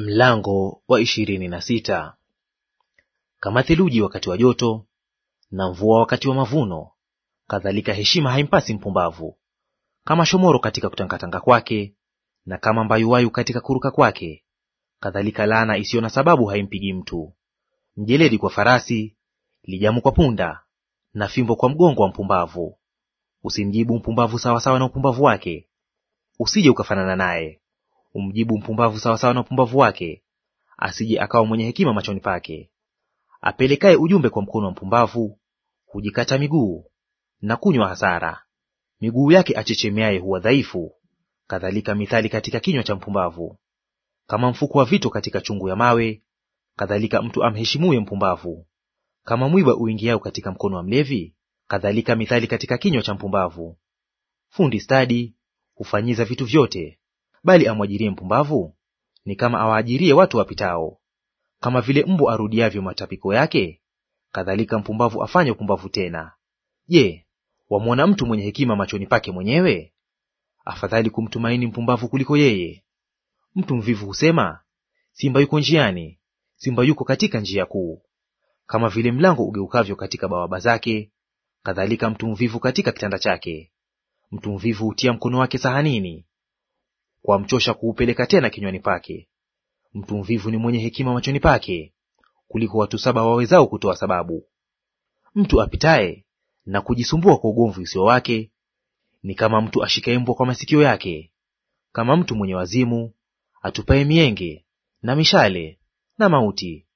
Mlango wa ishirini na sita. Kama theluji wakati wa joto na mvua wakati wa mavuno, kadhalika heshima haimpasi mpumbavu. Kama shomoro katika kutangatanga kwake, na kama mbayuwayu katika kuruka kwake, kadhalika laana isiyo na sababu haimpigi mtu. Mjeledi kwa farasi, lijamu kwa punda, na fimbo kwa mgongo wa mpumbavu. Usimjibu mpumbavu sawasawa na upumbavu wake, usije ukafanana naye umjibu mpumbavu sawasawa na upumbavu wake, asije akawa mwenye hekima machoni pake. Apelekaye ujumbe kwa mkono wa mpumbavu hujikata miguu na kunywa hasara. Miguu yake achechemeaye huwa dhaifu, kadhalika mithali katika kinywa cha mpumbavu. Kama mfuko wa vito katika chungu ya mawe, kadhalika mtu amheshimuye mpumbavu. Kama mwiba uingiao katika mkono wa mlevi, kadhalika mithali katika kinywa cha mpumbavu. Fundi stadi hufanyiza vitu vyote bali amwajirie mpumbavu ni kama awaajirie watu wapitao. Kama vile mbu arudiavyo matapiko yake, kadhalika mpumbavu afanye upumbavu tena. Je, wamwona mtu mwenye hekima machoni pake mwenyewe? Afadhali kumtumaini mpumbavu kuliko yeye. Mtu mvivu husema, simba yuko njiani, simba yuko katika njia kuu. Kama vile mlango ugeukavyo katika bawaba zake, kadhalika mtu mvivu katika kitanda chake. Mtu mvivu hutia mkono wake sahanini, kwa mchosha kuupeleka tena kinywani pake. Mtu mvivu ni mwenye hekima machoni pake kuliko watu saba wawezao kutoa sababu. Mtu apitaye na kujisumbua kwa ugomvi usio wake ni kama mtu ashikaye mbwa kwa masikio yake, kama mtu mwenye wazimu atupaye mienge na mishale na mauti.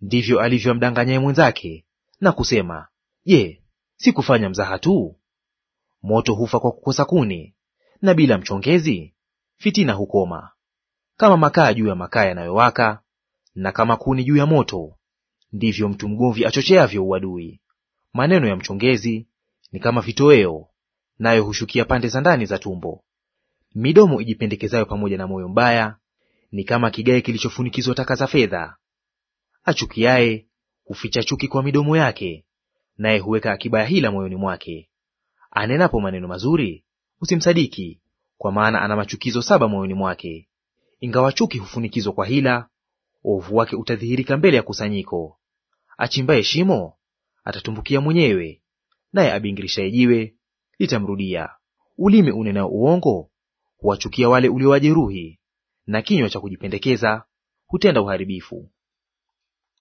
Ndivyo alivyomdanganyaye mwenzake na kusema, Je, si kufanya mzaha tu? Moto hufa kwa kukosa kuni, na bila mchongezi fitina hukoma. Kama makaa juu ya makaa yanayowaka, na kama kuni juu ya moto, ndivyo mtu mgomvi achocheavyo uadui. Maneno ya mchongezi ni kama vitoweo, nayo hushukia pande za ndani za tumbo. Midomo ijipendekezayo pamoja na moyo mbaya ni kama kigae kilichofunikizwa taka za fedha. Achukiaye huficha chuki kwa midomo yake, naye huweka akiba ya hila moyoni mwake. Anenapo maneno mazuri usimsadiki, kwa maana ana machukizo saba moyoni mwake. Ingawa chuki hufunikizwa kwa hila, uovu wake utadhihirika mbele ya kusanyiko. Achimbaye shimo atatumbukia mwenyewe, naye abingirishaye jiwe litamrudia. Ulimi unenao uongo huwachukia wale uliowajeruhi, na kinywa cha kujipendekeza hutenda uharibifu.